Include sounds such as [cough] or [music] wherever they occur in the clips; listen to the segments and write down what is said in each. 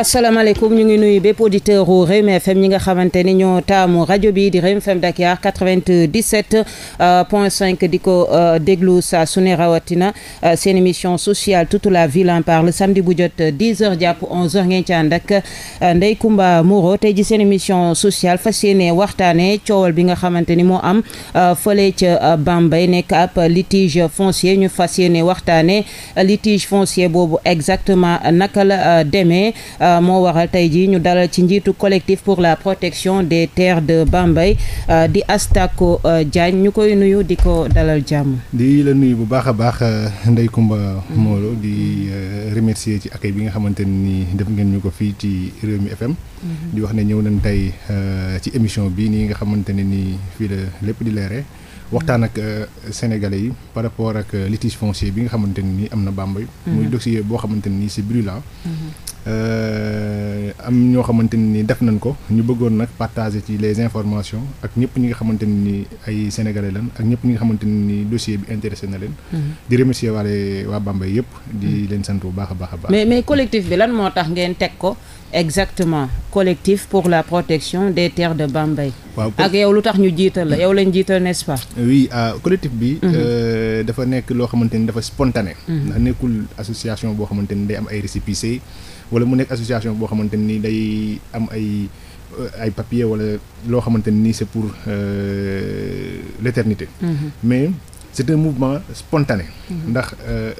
asalaamaaleykum ñu ngi nuy bépp auditeur u Rewmi FM ñi nga xamante ni ñoo taamu rajo bi di Rewmi FM Dakar quatre vingt dix euh, point cinq di ko euh, déglu saa su ne rawatina euh, seen émission sociale toute la ville en parle samedi bu jot dix heures jàpp onze heures ngeen ci ànd ak Ndeye Comba Moreau tey ji seen émission sociale fas yéene waxtaane coowal bi nga xamante ni moo am fële ca Bambey nekk ab litige foncier ñu fas yéene waxtaane litige foncier boobu exactement naka la demee. Euh, moo waral tey ji ñu dalal ci njiitu collectif pour la protection des terres de bambay euh, di Astako euh, Diagne ñu koy nuyu di ko dalal jàmm. di la nuyu bu baax a baax Ndeye Comba Moreau di remercier ci accueil bi nga xamante ni def ngeen ñu ko fii ci Rewmi FM. Mhm. di wax ne ñëw nañ tey ci émission bi nii nga xamante ne nii fii la lépp di leeree. waxtaan ak euh, sénégalais yi par rapport ak euh, litige foncier bi nga xamante nii am na Bambey. Mhm. muy dossier boo xamante ne nii c'est brûlant. Mhm. Euh, am ñoo xamante ne nii def nañ ko ñu bëggoon nag partager ci les informations ak ñëpp ñu nga xamante ne nii ay sénégalais lan ak ñëpp ñu nga xamante ne nii dossier bi intéressé na leen. Mhm. di remercier waale waa Bambey yëpp. di leen sant bu baax a baax a baax. mais mais collectif bi lan moo tax ngeen teg ko. exactement collectif pour la protection des terres de Bambey. waaw ak yow lu tax ñu jiital la yow lañ jiital n'est-ce pas. oui ah collectif bi. Mhm. Euh, dafa nekk loo xamante ni dafa spontané. Mhm. ndax nekkul association boo xamante ni day am ay récépissé wala mu nekk association boo xamante ni day am ay euh, ay papier wala loo xamante ni c'est pour euh, l'éternité. Mhm. mais c'est un mouvement spontané. ndax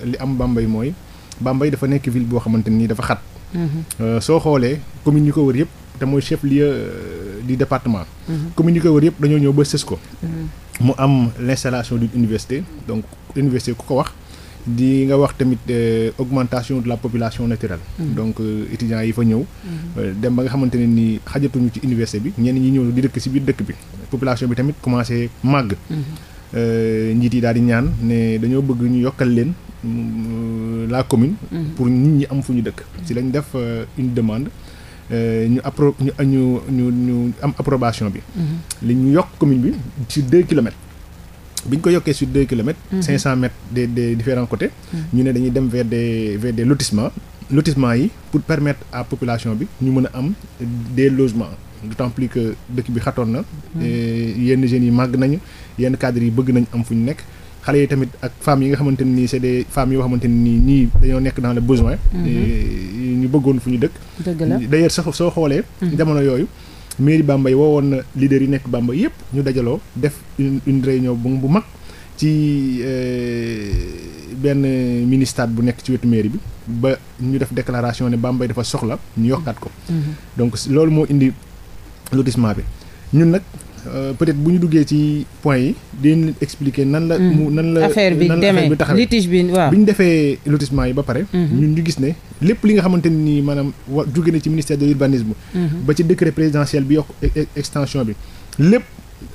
li am Bambey mooy Bambey dafa nekk ville boo xamante ni dafa xat. Euh, soo xoolee commune yi ko wër yëpp te mooy chef lieu euh, du département. Mhm. commune ko wër yëpp dañoo ñëw ba sës ko. Mhm. mu am l' installation d' université donc université ku ko wax. di nga wax tamit euh, augmentation de la population naturelle. Mhm. donc étudiants yi fa ñëw. dem ba nga xamante ne ni xajatuñu ci université bi ñenn ñi ñëw di dëkk si biir dëkk bi. population bi tamit commencé màgg. njiit yi daal di ñaan ne dañoo bëgg ñu yokkal leen la commune. Mhm. pour nit ñi am fu ñu dëkk. ci lañ def euh, une demande euh, ñu appro ñu ñu ñu am approbation bi. Mhm. li ñu yokk commune bi ci deux kilomètres. bi ñu ko yokkee su deux kilomètres. Mhm. cinq cent mètres des des différents côtés. ñu ne dañuy dem vers des vers des lotissements lotissement yi pour permettre à population bi ñu mën a am des logements d'autant plus que dëkk bi xatoon na. yenn jeunes yi màgg nañu yenn cadres yi bëgg nañ am fu ñu nekk. xale yi tamit ak femmes yi nga xamante ne nii c'est des femmes yoo xamante ne nii ñii dañoo nekk dans le besoin. Mhm. ñu bëggoon fu ñu dëkk. dëgg la d'ailleurs sax soo xoolee. Mhm. jamono yooyu. mairie Bambey woowoon na leader yi nekk Bambey yépp ñu dajaloo def une une réunion bu bu mag ci euh, benn ministère bu nekk ci wetu mairie bi. ba ñu def déclaration ne Bambey dafa soxla ñu yokkaat ko. Mhm. donc loolu moo indi lotissement bi ñun nag. Euh, peut-être bu ñu duggee ci point yi dinañ expliquer nan la. Mm. mu nan la affaire bi demee litige bi waaw bi defee lotissement yi ba pare. Mm-hmm. ñu gis ne lépp li nga xamante ne nii maanaam ci ministère de l'urbanisme. Mm-hmm. ba ci décret présidentiel bi yokk e, e, extension bi lépp.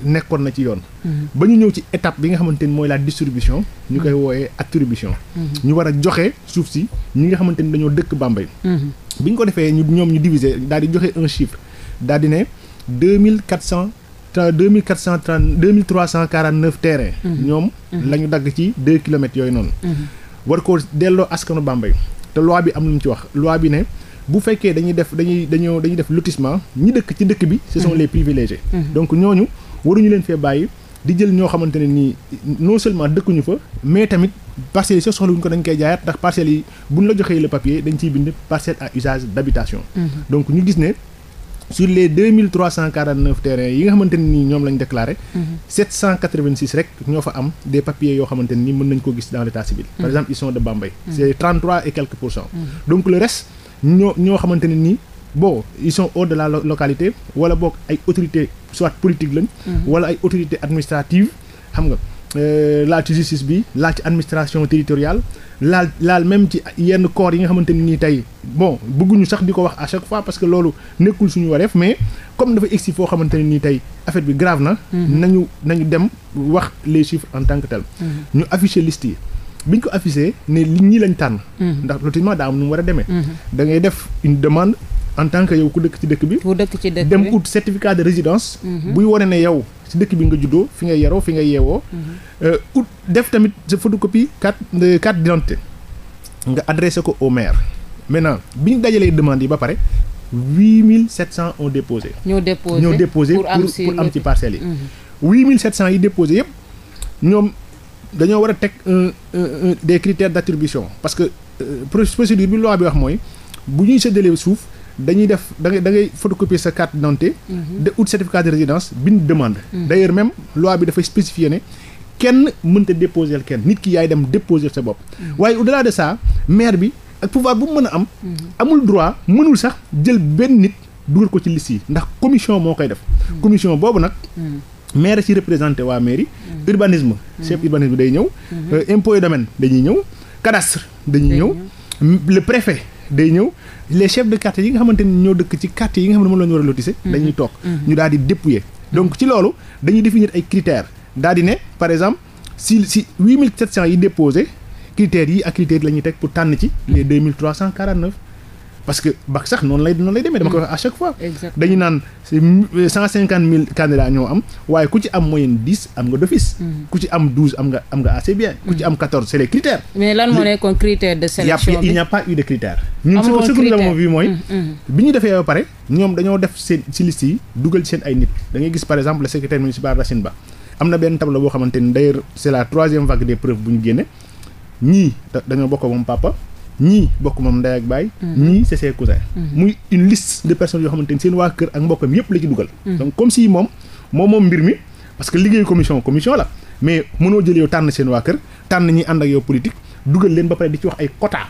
nekkoon na ci yoon. Mm-hmm. ba ñu ñëw ci étape bi nga xamante mooy la distribution. ñu koy wooyee attribution. ñu war a joxe suuf si ñi nga xamante ni dañoo dëkk Bambey. bi ñu ko defee ñu ñoom ñu diviser daal di joxe un deux mille quatre cent trente deux mille trois cent quarante neuf terrain. Mhm. ñoom mhm. la dagg ci deux kilomètres yooyu noonu. Mhm. war koo delloo askanu Bambey te loi bi am lu mu ci wax loi bi ne bu fekkee dañuy def dañuy dañoo dañuy def lotissement ñi dëkk ci dëkk bi. ce sont les privilégiés. donc ñooñu waruñu leen fee bàyyi. di jël ñoo xamante ne nii non seulement dëkkuñu fa mais tamit parcelles yi sax soxlawuñu ko dañ koy jaayaat ndax parcelles yi buñ la joxee le papier dañ ciy bind parcelle à usage d'habitation. donc ñu gis ne sur les deux mille trois cent quarante neuf terrains yi nga xamante ne nii ñoom lañ déclaré. sept cent quatre vingt six rek ñoo fa am des papiers yoo xamante ne nii mën nañ ko gis dans l'état civil. par mm-hmm. exemple ils de Bambey. Mm-hmm. c' est trente trois et quelques pour cent. Mm-hmm. donc le reste ñoo ñoo nii. bon ils sont la localité wala boog ay autorités soit politique lañ. wala ay autorités administratives xam nga. Euh, laal ci justice bi laal ci administration territoriale laal laal même ci yenn corps yi nga xamante nii tey bon bëgguñu sax di ko wax à chaque fois parce que loolu nekkul suñu wareef mais comme dafa egsi foo xamante ne nii tey affaire bi grave na. Mhm. nañu nañu dem wax les chiffres en tant que mhm. ñu afficher liste yi. biñ ko affiché ne li ñii lañ tànn. Mhm. ndax lotissement daa nu mu war a demee. da ngay def une demande. en tant que yow ku dëkk ci dëkk bi. ku dëkk ci dëkk bi dem ut certificat de résidence. Mhm. buy wane ne yow ci dëkk bi nga juddoo fi nga yaroo fi nga yeewoo. Mhm. Euh, ut def tamit sa photocopie carte carte d'identité nga adressé ko au maire. maintenant bi ñu dajalee demande yi ba pare huit mille sept cent ont déposé. ñoo déposé ñoo déposé pour am ci pour am ci parcelles yi. Mhm. huit mille sept cent yi déposé yëpp ñoom dañoo war a teg un des critères d'attribution parce que euh, procédure bi loi bi wax mooy bu ñuy séddalee suuf. dañuy def da ngay da ngay photocopier sa carte d'identité mhm. de ut certificat de résidence bind demande mhm. d'ailleurs même loi bi dafay spécifier ne kenn mënta déposer kenn nit ki yaay dem déposer sa bopp mhm. waaye au-delà de ça maire bi ak pouvoir bu mu mën a am amul droit mënul sax jël benn nit dugal ko ci liste yi ndax commission moo koy def commission boobu nag maire si représenté waa mairie urbanisme chef urbanisme day ñëw euh, impôt et dañuy ñëw cadastre dañuy ñëw le préfet day ñëw les chefs de quartier yi nga xamante ni ñoo dëkk ci quartier yi nga xam ne moom la ñu war a lotissé mhm. dañuy toog mhm. ñu daal di mhm. donc ci loolu dañuy définir ay critères daal di ne par exemple si si huit cent yi déposé critères yi ak critères yi la ñuy teg pour tànn ci les deux mille trois cent parce que bac sax noonu lay noonu lay demee dama koy wax à chaque fois. dañu naan cent cinquante mille candidats ñoo am waaye ku ci am moyenne dix am nga d'office. Mm. ku ci am douze am nga am nga assez bien. ku ci mm. am quatorze c'est les mais lan moo nekkoon critère de sélection bi il mooy. Mm, bi ñu defee ba ñoom dañoo def seen ci dugal ci seen ay nit da gis par exemple le secrétaire municipal Racine Ba am na benn tableau boo xamante ni d'ailleurs c'est la troisième vague des preuves bu ñu génne ñii dañoo bokk moom papa. ñii bokk moom ndey ak baay. Mhm. ñii c'est ses cousins. Mhm. muy une de personnes yoo xamante ni seen waa kër ak mbokkam yépp la ci dugal. Mhm. donc comme si moom moom moom mbir mi parce que liggéeyu commission commission la mais mënoo jël yow tànn seen waa kër tànn ñi ànd ak yow politique dugal leen ba pare di ci wax ay quotas.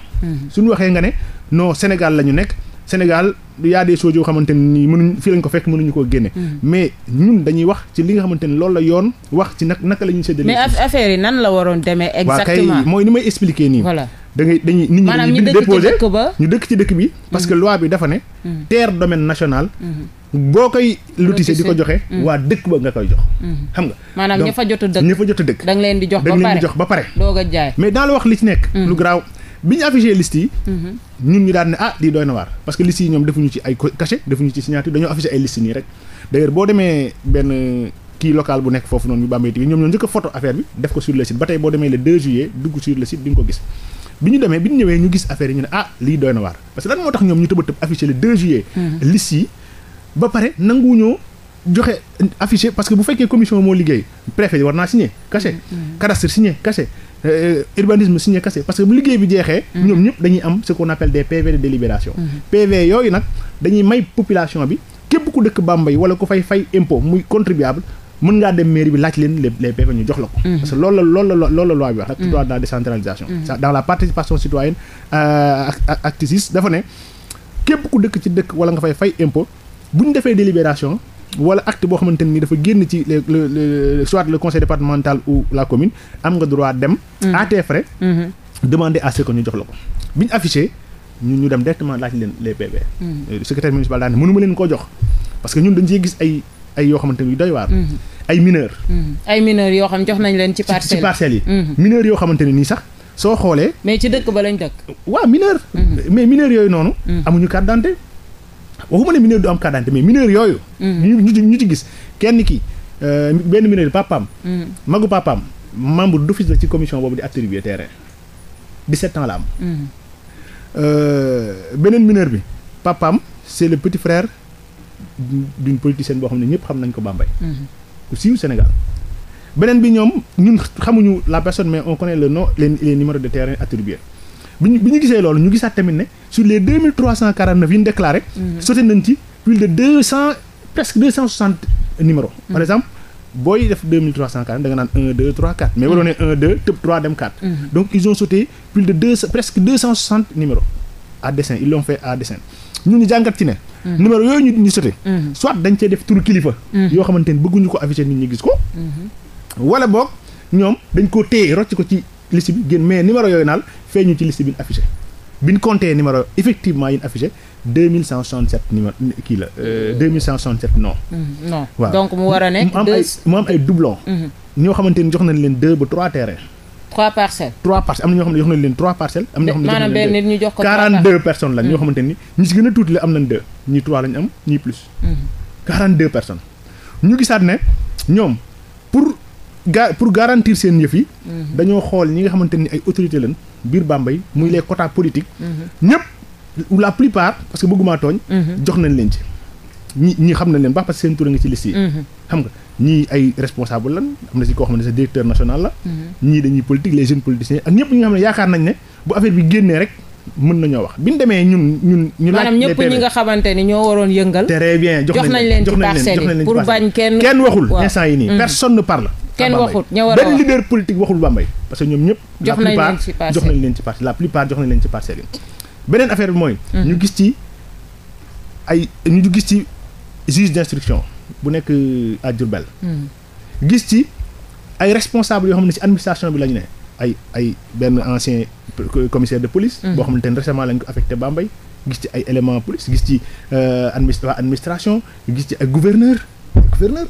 suñu waxee nga ne non Sénégal la ñu nekk Sénégal. y a des choses yoo xamante ni mënuñ fii lañ ko fekk mënuñu koo génne. Mm. mais ñun dañuy wax ci li nga xamante ni loolu la yoon wax ci nag naka la ñuy séddale. mais affaire yi nan la waroon demee. exactement waaw kay mooy ni may expliquer nii. voilà dañuy nit ñi dañuy ñu dëkk ci dëkk bi. parce que mm. loi bi dafa ne. Mm. terre domaine national. Mm-hmm. boo koy lotissé di ko joxe. waa dëkk ba nga koy jox. Mm-hmm. xam nga maanaam jot a dëkk ña fa jot a dëkk. da leen di jox ba pare da nga leen di a jaay mais daal wax li nekk. lu bi ñu affiché liste yi. Mhm. ñun ñu daan ne ah lii doy na waar parce que liste yi ñoom defuñu ci ay cachet defuñu ci signature dañoo affiché ay liste nii rek d'ailleurs boo demee benn. kii local bu nekk foofu noonu ñu Bambey TV ñoom ñoo njëkk a photo affaire bi def ko sur le site ba tey boo demee le 2 dugg sur le site di nga ko gis bi ñu demee bi ñu ñëwee ñu gis affaire yi ñu ne ah lii doy na waar parce que lan moo tax ñoom ñu tëb a tëb affiché mhm. joxe affiché parce que bu fekkee commission moo liggéey préfet war Euh, urbanisme signé kase parce que liggéey bi jeexee mhm. ñoom ñëpp dañuy am ce qu'on appelle des PV de délibération mhm. PV yooyu nag dañuy may population bi képp ku dëkk Bambey wala ku fay fay impôt muy contribuable mën ngaa dem mairie bi laaj leen les les PV ñu jox la ko. Mhm. parce que loolu la loolu la loolu la loi bi wax rek. dans la décentralisation. dans la participation citoyenne euh, ak ak acte six dafa ne képp ku dëkk ci dëkk wala nga fay fay impo bu ñu defee délibération. wala acte boo xamante ni dafa génn ci le le soit le conseil départemental ou la commune am nga droit dem. Mm-hmm. à frais. Mm-hmm. demander à ce ñu jox la ko bi ñu affiché ñu dem directement laaj leen les PV. Mm-hmm. Euh, secrétaire municipal daal ne leen koo jox parce que ñun dañ ciy gis ay ay yoo xamante ni doy waar. ay mineurs. ay mineurs yoo xam jox nañ leen ci. parcelles yi ci yoo xamante nii sax. soo xoolee. mais ci dëkk ba lañ dëkk. waaw mineur. mais mineur yooyu waxuma ne mineur du am carte d'identité mais mineur yooyu. Mm. ñu ñu ci gis kenn ki euh, benn mineur papaam. Mm. magu papaam membre d'office la ci commission boobu di attribuer terrain 17 ans la am. Mm. Euh, beneen mineur bi papaam c'est le petit frère d'une politicienne boo xam ne ñëpp xam nañ ko Bambey. Mm-hmm. ku siiw Sénégal. beneen bi ñoom ñun xamuñu la personne mais on connaît le nom les les numéros de terrain atribuer bi ñu bi gisee loolu ñu gisaat tamit ne sur les yi ñu déclaré. Mhm. sauté nañ de presque numéro mhm. par exemple booy def deux tëb trois dem quatre. Mhm. donc ils ont sauté presque deux à dessein ils l'ont fait à dessein ñun ñu jàngat ci ne. numéro yooyu ñu ñu sauté. soit dañ cee def turu kilifa. yoo xamante bëgguñu ko afficher nit ñi gis ko. wala boog ñoom dañ koo téye rocc ko ci. liste mais numéro yooyu naal feeñu ci liste bi ñu affiché bi yi ñu affiché deux euh, mm-hmm. waaw mu am ay mu mm-hmm. ñoo xamante ni jox nañ leen deux ba trois terrains. trois parcelles. trois parcelles am na ñoo xam ne jox nañ ñu si mm-hmm. gën a tuuti la am nañ deux ñii trois lañ am ñii plus. quarante deux personnes ñu gisaat ne ñoom pour. ga pour garantir seen yëf yi. Mhm. dañoo xool ñi nga xamante ni ay autorité lañ biir Bambey muy les quotas politiques. Mhm. ñëpp ou la plupart parce que bëgguma tooñ. Mhm. jox nañ leen ci. ñi ñi xam nañ leen baax parce que seen tur a ngi ci liste yi. xam nga ñii ay responsable lan am na si koo xam ne sa directeur national la. ñii dañuy politique les jeunes politiciens ak ñëpp ñi nga xam ne yaakaar nañ ne bu affaire bi génnee rek. mën nañoo wax bi ñu demee ñun ñun. ñu laaj maanaam ñëpp ñi nga xamante waroon yëngal. très bien jox nañ leen jox nañ leen jox nañ kenn waxut ñëw benn leader politique waxul Bambey parce que ñoom ñëpp jox nañ leen ci parcelle jox nañ leen ci parcelle la plupart jox nañ leen ci parcelle yi beneen affaire bi mooy mm-hmm. ñu ci ay ñu gis ci juge d'instruction bu nekk euh, à Diourbel mm-hmm. gis ci ay responsable yoo xam ne ci administration bi la ne ay ay benn ancien commissaire de police mm-hmm. boo xamante ne récemment lañ ko affecté Bambey gis ci ay éléments police gis ci euh, administration gis ci ay gouverneur gouverneur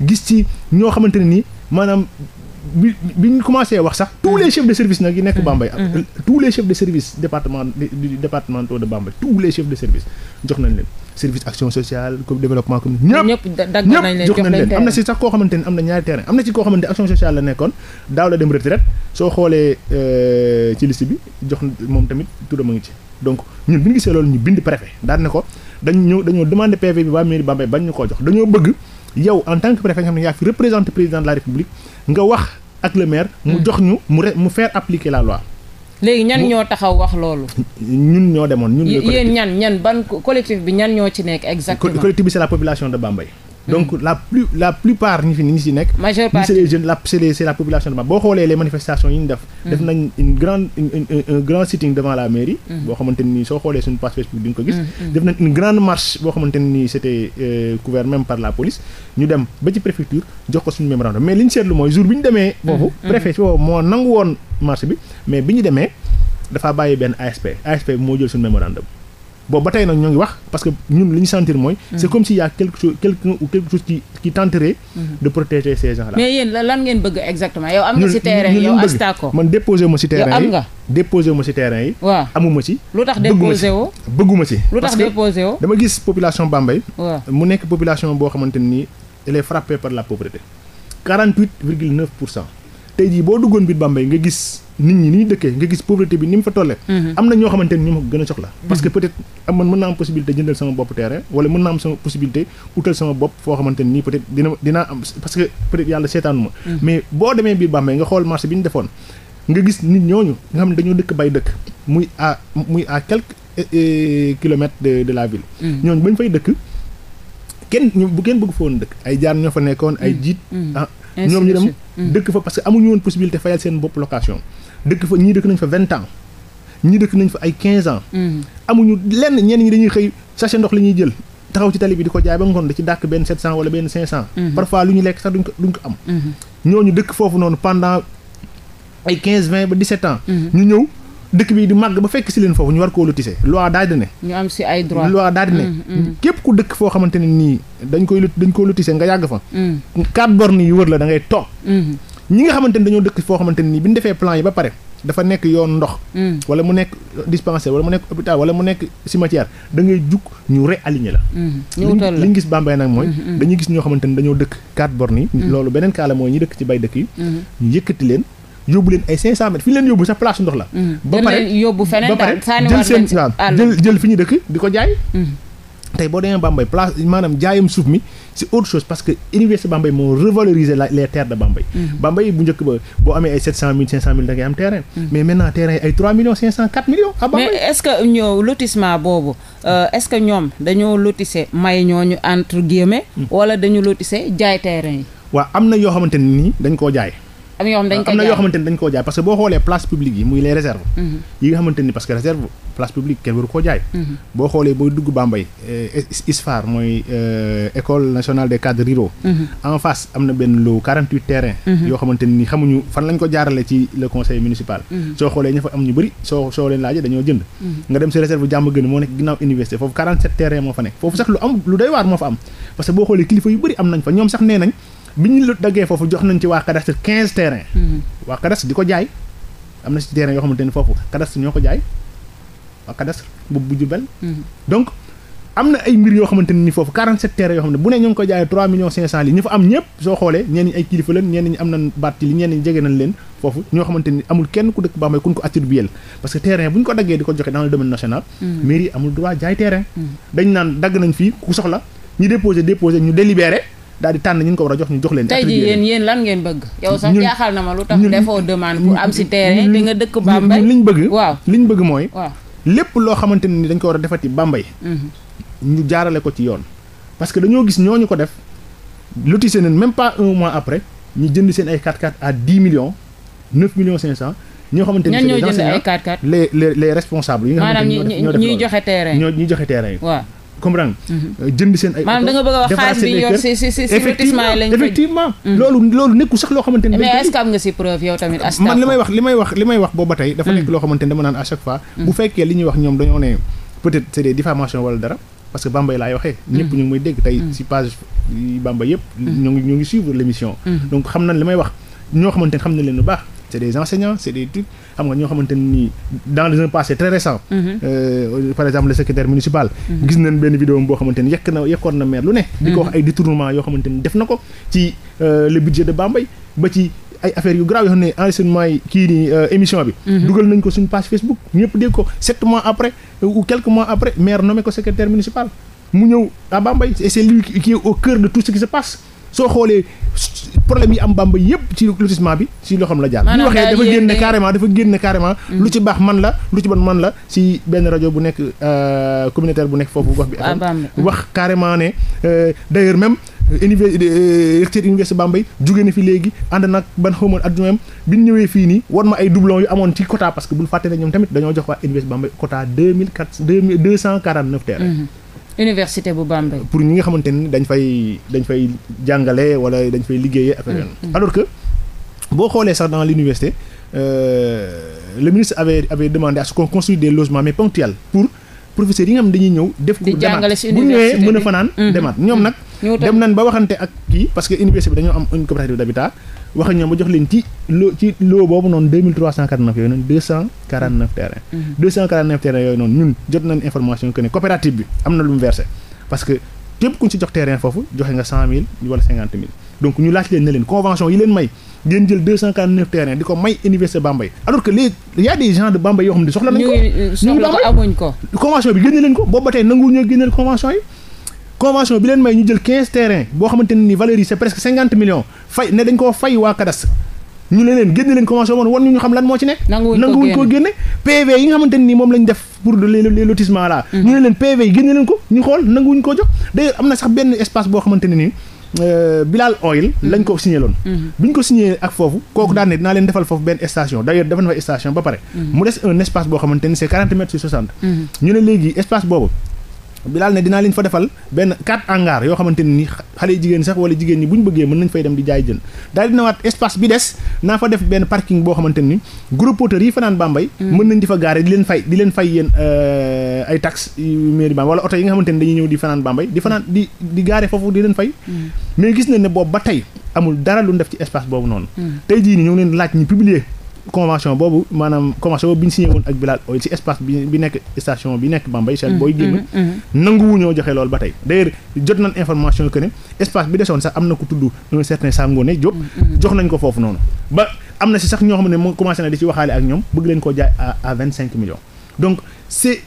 gis ci ñoo xamante ne nii maanaam bi bi ñu commencé wax sax tous les chefs de service nag yi nekk mm-hmm. Bambey. Mm-hmm. tous les chefs de service département du départementaux de Bambey tous les chefs de service jox nañ leen. service action sociale comme développement comme ñëpp dagg nañ leen jox nañ leen am na si sax koo xamante am na ñaari terrain am na ci koo xamante action sociale la nekkoon daaw la dem retraite soo xoolee euh, ci liste bi jox moom tamit turam a ngi ci. donc ñun bi ñu loolu ñu bind préfet daan ne ko dañ ñëw dañoo demander PV bi waa mairie ñu koo jox dañoo bëgg. yow en tant que préfet nga xam ne yaa fi représenté président de la république nga wax ak le mu hmm. jox ñu mu mu faire appliquer la loi. léegi ñan ñoo taxaw wax loolu. ñun ñoo demoon ñun. yéen ñan ñan ban collectif bi ñan ñoo ci nekk exactement. collectif bi c'est la population de Bambey. donc la plus la plupart ñi fi ñi si nekk. majeure partie c'est les jeunes la c'est les c'est la population de boo xoolee les manifestations yi ñu def. Hmm. def nañ une grand sitting devant la mairie. Hmm. boo xamante ne nii soo xoolee suñu page Facebook di nga ko gis. Hmm, def nañ une grande marche boo xamante nii c'était euh, couvert même par la police ñu dem ba ci préfecture jox ko suñu mémorandum mais li ñu seetlu mooy jour bi ñu demee. foofu préfet foofu moo nangu woon marche bi mais bi ñu demee dafa bàyyi benn ASP ASP moo jël suñu mémorandum. boobu ba tey nag ñoo ngi wax parce que ñun li ñu sentir mooy. Mm. c'est comme s'il y a quelque chose quelqu'un quelque chose qui qui mm-hmm. de protéger ces gens là. mais yéen lan ngeen bëgg exactement yow am nga ci terrain yow Astaco man déposé ma ci terrain yi déposé ma ci terrain amuma ci. lu tax déposé woo bëgguma ci lu tax déposé woo dama gis population Bambey. waaw mu nekk population boo xamante ni elle est par la pauvreté. 48 virgule 9 pour cent. tey jii boo duggoon biir Bambey nga gis nit ñi ni ñu dëkkee nga gis pauvreté bi ni mu fa tollee mhm. am na ñoo xamante ni ñoom gën a soxla mhm. parce que peut-être am man mën naa am possibilité jëndal sama bopp terrain wala mën naa am sama possibilité utal sama bopp foo xamante ni peut-être dina dinaa am parce que peut-être yàlla seetaanu ma mhm. mais boo demee biir Bambey nga xool marché bi ñu defoon nga gis nit ñooñu nga xam ne dañoo dëkk bay dëkk muy à muy à euh, euh, de de la ville ñooñu bañ fay dëkk kenn bu kenn bëgg fa woon dëkk ay jaar ñoo fa nekkoon ay jiit ah ñoom ñu dem hmm. dëkk fa parce que amuñu woon possibilité fayal seen bopp location dëkk fa ñii dëkk nañ fa vingt ans ñii dëkk nañ fa ay quinze ans hmm. amuñu lenn ñenn ñi dañuy xëy sachet ndox li ñuy jël taxaw ci tali bi di ko jaay ba ngoon ci dàkk benn sept cent wala benn cinq cent hmm. parfois lu ñu lekk sax duñ ko duñ ko am dëkk foofu noonu pendant ay quinze vingt ba dix sept ans ñu ñëw dëkk bi di màgg ba fekk si leen foofu ñu war koo lotissé loi daal di ne. ñu am ne. Mm, mm, mm. képp ku dëkk foo xamante ne nii dañ koy dañ koo lotissé nga yàgg fa. quatre bornes yi wër la da ngay toog. ñi nga xamante ne dañoo dëkk foo xamante ne nii bi defee plan yi ba pare. dafa nekk yoon ndox. mu nekk dispensaire wala mu nekk hôpital wala mu nekk cimetière da ngay jug ñu réaligné la. ñu wutal la li mooy. dañuy gis ñoo xamante ne dañoo dëkk quatre bornes yi. loolu beneen kaala mooy ñi dëkk ci bay dëkk yi. ñu yëkkati leen yóbbu leen ay 500 mètres fi ñu leen yóbbu sax place ndox la. Mm. ba pare yóbbu feneen daal jël fi ñu dëkk di ko jaay. Mm. tey boo demee Bambey place maanaam jaayam suuf mi c'est parce que université Bambey moo revaloriser les terres de mm. bu njëkk ba boo amee ay 700000 500000 da ngay am terrain. mais maintenant terrain yi ay 3 millions 500 4 que ñoo lotissement boobu euh, est-ce que ñoom dañoo lotissé may ñooñu entre guillemets. wala dañu jaay terrain yi. am na yoo xamante ne nii dañ koo jaay. am yoo am na yoo xamante ni dañ koo jaay parce que boo xoolee place publique yi muy les réserves. Mhm. yi nga xamante ni parce que réserve place publique kenn waru koo jaay. Mhm. boo xoolee booy dugg Bambey. Eh, ISFAR mooy eh, école nationale des cadres ruraux. Mhm. en face am na benn loo 48 terrain. yoo xamante ni xamuñu fan lañ ko jaarale ci le conseil municipal. soo xoolee ña am ñu bëri soo soo leen laajee dañoo jënd. nga dem si réserve jàmm gën moo nekk ginnaaw université foofu 47 sax lu am bi ñu daggee foofu jox nañ ci waa cadastre quinze terrain mhm. waa cadastre di ko jaay am na ci terrain yoo xamante ni foofu cadastre ñoo ko jaay waa cadastre bu jubel mhm. donc ne bu ne ñu ko jaayee 3 millions 500 li ñu fa am ñëpp soo xoolee ñenn ñi ay kilifa lañ ñenn ñi am nañ baat ci li ñenn ñi jege nañ leen foofu ñoo xamante ni amul kenn ku dëkk Bambey ku ñu ko attribué la parce que terrain bu ñu ko daggee di ko joxe dans le national mhm. mairie amul droit jaay terrain naan dagg nañ fii ku soxla ñu déposé déposé daal di tànn ñu ko war a jox ñu jox leen. tey jii yéen yéen lan ngeen bëgg. yow sax jaaxal na ma lu tax defoo demande pour am si terrain di nga dëkk Bambey liñ bëgg. waaw liñ bëgg mooy. waaw lépp loo xamante ni dañ ko war a defati Bambey. Mhm. ñu jaarale ko ci yoon. parce que dañoo gis ñoo ñu ko def lotissé nañ même pas un mois après ñu jënd seen ay 4x4 à 10 millions 9 millions 500. ñoo xamante ni ñoo jënd ay 4x4 les les les responsables. yi nga joxe terrain yi. comprendre mhm. euh, jënd seen ay maanaam da bi ñu yor effectivement mhm. loolu loolu nekkul sax loo xamante ne mais est-ce que am ah, man li may wax li may wax booba tey dafa mhm. nekk loo xamante dama naan à chaque fois bu fekkee li ñuy wax ñoom dañoo ne peut-être c'est des diffamations wala dara parce que laay waxee ñëpp ñu ngi may tey si page Bambey yëpp ñu ngi suivre l'émission donc xam nañ li may wax ñoo xamante xam nañ leen bu baax c'est des enseignants c'est des trucs xam nga ñoo xamante ni dans les un passé très récent mhm. euh, par exemple le secrétaire municipal mhm. gis nañ benn vidéo boo xamante yekk na yekkoon na maire lu ne di ko wax mhm. ay détournement yoo xamante def na ko ci euh, le budget de Bambey ba ci ay affaires yu grave yoo xam ne enregistrement yi kii ni euh, émission bi dugal nañ ko suñu page Facebook ñëpp dégg ko sept mois après ou quelques mois après maire nommé ko secrétaire soo xoolee problème yi am Bamba yëpp ci lotissement bi ci loxoom la jaar bu ñu waxee dafa génn carrément dafa génn carrément mm. lu ci baax man la lu ci bon man la ci benn rajo bu nekk euh, communautaire bu nekk foofu gox bi ah, wax carrément ne euh, d'ailleurs même université recteur université fi léegi ànd nag ban xawma addunaam bi ñu ñëwee fii nii wan ma ay doublon yu amoon ci quota parce bul fàtte ne ñoom tamit dañoo jox waa université Bambey quota deux mille quatre deux cent quarante neuf terrain mm-hmm. université bu Bambey. pour ñi nga xamante ni dañ fay dañ fay jàngale wala dañ fay liggéeyee affaire mm-hmm. alors que boo xoolee sax dans l'université euh, le ministre avait avait demandé à ce qu'on construise des logements mais ponctuels pour professeurs yi nga xam dañuy ñëw. def ko demaat bu ñëwee mën a fanaan mm-hmm. demaat ñoom mm-hmm. nag. dem nañ ba waxante ak kii parce que université bi dañoo am une coopérative d'habitat jox leen ci loo ci mhm. Mhm. que ne coopérative bi am na lu mu joxe nga cent mille wala cinquante mille donc ñu ne leen convention yi leen may ko soxla ko ñu ngi convention bi génne leen ko boobu ba nangu ñoo génneel convention yi convention bi leen may ñu jël quinze terrain boo xamante ne ni valeur yi c'est presque cinquante millions fay ne dañ koo fay waa cadastre ñu leen génne leen convention wan ñu ñu xam lan moo ci nekk nanguwuñ koo génne PV yi nga xamante ne nii moom lañ def pour les lotissements là mhm. ñu leen PV yi génne leen ko ñu xool nanguwuñ koo jox d'ailleurs am na sax benn espace boo xamante nii euh, Bilal Oil mhm. lañ ko signé loon mhm. bi ñu ko signé ak foofu kooku daan ne leen defal foofu benn bilaal ne dinaa leen fa defal benn quatre engar yoo xamante ne ni xale jigéen sax wala jigéen ñi bu ñu bëggee mën nañ fay dem di jaay jën daal dina waat espace bi des naa fa def benn parking boo xamante ni groupe porteur yi fanaan Bambey mm. mën nañ di fa gaare di leen fay di leen fay yéen euh, ay taxe meeri Bambey wala oto yi nga xamante ni dañuy ñëw di fanaan Bambey di fanaan di di gaare foofu di leen fay mm. mais gis na ne boobu ba tey amul dara lu def ci espace boobu noonu mm. tey jii ñoo leen laaj ñu publier convention boobu maanaam convention boobu bi ñu signé woon ak Bilal Oil ci espace bi bi nekk station bi nekk Bambey Shell booy génn mm-hmm, mm-hmm, mm-hmm. nanguwuñoo joxe loolu ba tey d'ailleurs jot nañ information que ne espace bi desoon sax am na ko tudd un certain Sangone Diop jox nañ ko foofu noonu ba am na si ñoo xam ne moo commencé di ci waxaale ak ñoom bëgg leen koo jaay à vingt cinq millions donc c'est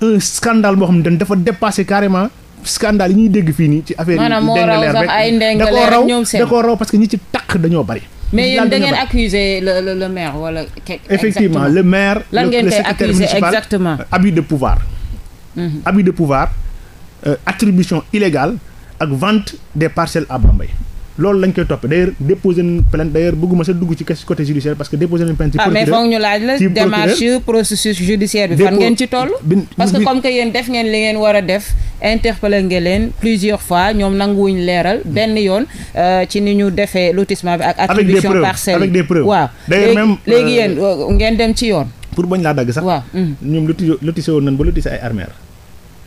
un boo xam ne dafa dépassé carrément scandale yi ñuy dégg fii nii ci affaire yi dengaleer rek da koo da koo raw parce que ñi ci takk dañoo bari mais yéen da ngeen accuser le le le maire wala. effectivement le maire. lan ngeen koy accuser exactement euh, abus de pouvoir. Mhm. abus de pouvoir euh, attribution illégale ak vente des parcelles à Bambey. loolu lañ koy topp d'ailleurs déposé nañ plainte d'ailleurs bëgguma sa dugg ci côté judiciaire parce que déposé nañ plainte ci ah, procureur mais foog judiciaire bi fan ngeen ci toll parce que comme que yéen def ngeen li ngeen war a def interpellé ngeen leen plusieurs fois ñoom nanguwuñ leeral benn yoon euh, ci ni ñu defee lotissement bi ak attribution parcelle avec des preuves waaw léegi euh, yéen euh, ngeen dem ci yoon pour bañ laa dagg sax ñoom loti lotissé woon nañ ba lotissé ay armeer